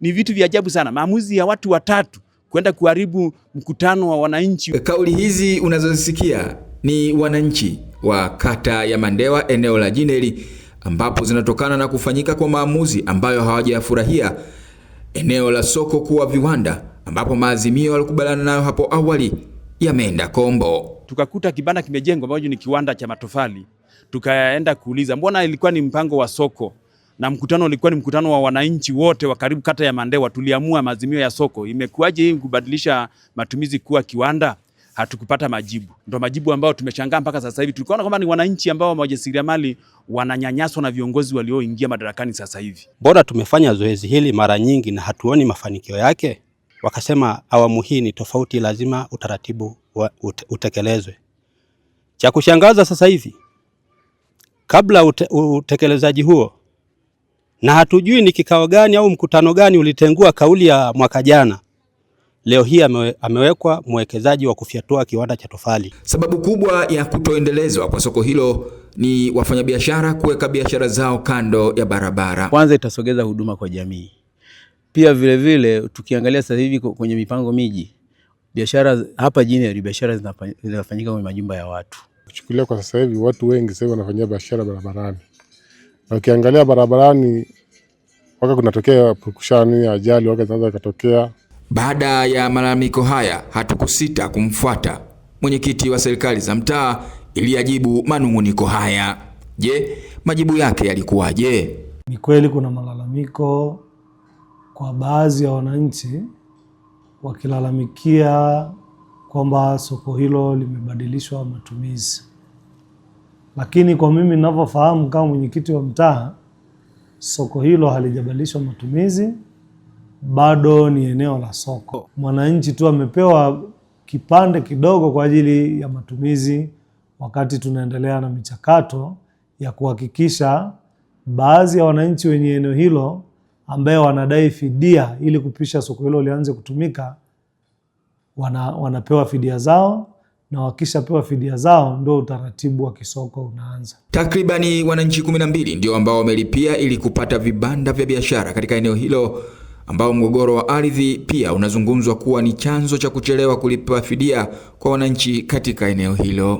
Ni vitu vya ajabu sana, maamuzi ya watu watatu kwenda kuharibu mkutano wa wananchi. Kauli hizi unazozisikia ni wananchi wa kata ya Mandewa eneo la Jineli, ambapo zinatokana na kufanyika kwa maamuzi ambayo hawajayafurahia eneo la soko kuwa viwanda, ambapo maazimio walikubaliana nayo hapo awali yameenda kombo. Tukakuta kibanda kimejengwa ambacho ni kiwanda cha matofali, tukaenda kuuliza, mbona ilikuwa ni mpango wa soko na mkutano ulikuwa ni mkutano wa wananchi wote wa karibu kata ya Mandewa. Tuliamua maazimio ya soko, imekuwaje hii kubadilisha matumizi kuwa kiwanda? Hatukupata majibu, ndo majibu ambayo tumeshangaa mpaka sasa hivi. Tulikuona kwamba ni wananchi ambao wajasiriamali wananyanyaswa na viongozi walioingia madarakani sasa hivi. Bora tumefanya zoezi hili mara nyingi na hatuoni mafanikio yake. Wakasema awamu hii ni tofauti, lazima utaratibu wa ut utekelezwe. Cha kushangaza sasa hivi kabla ute, utekelezaji huo na hatujui ni kikao gani au mkutano gani ulitengua kauli ya mwaka jana. Leo hii amewekwa mwekezaji wa kufyatua kiwanda cha tofali. Sababu kubwa ya kutoendelezwa kwa soko hilo ni wafanyabiashara kuweka biashara zao kando ya barabara. Kwanza itasogeza huduma kwa jamii. Pia vilevile vile, tukiangalia sasa hivi kwenye mipango miji biashara hapa jijini, biashara zinafanyika kwenye majumba ya watu. Kuchukulia kwa sasa hivi watu wengi sasa wanafanyia biashara barabarani na ukiangalia barabarani waka kunatokea pukushani ajali waka zinaweza ikatokea. Baada ya malalamiko haya, hatukusita kumfuata mwenyekiti wa serikali za mtaa ili ajibu manung'uniko haya. Je, majibu yake yalikuwaje? Ni kweli kuna malalamiko kwa baadhi ya wananchi wakilalamikia kwamba soko hilo limebadilishwa matumizi lakini kwa mimi ninavyofahamu kama mwenyekiti wa mtaa, soko hilo halijabadilishwa matumizi, bado ni eneo la soko. Mwananchi tu amepewa kipande kidogo kwa ajili ya matumizi, wakati tunaendelea na michakato ya kuhakikisha baadhi ya wananchi wenye eneo hilo ambaye wanadai fidia ili kupisha soko hilo lianze kutumika, wana, wanapewa fidia zao na wakishapewa fidia zao ndo utaratibu wa kisoko unaanza. Takribani wananchi kumi na mbili ndio ambao wamelipia ili kupata vibanda vya biashara katika eneo hilo, ambao mgogoro wa ardhi pia unazungumzwa kuwa ni chanzo cha kuchelewa kulipa fidia kwa wananchi katika eneo hilo.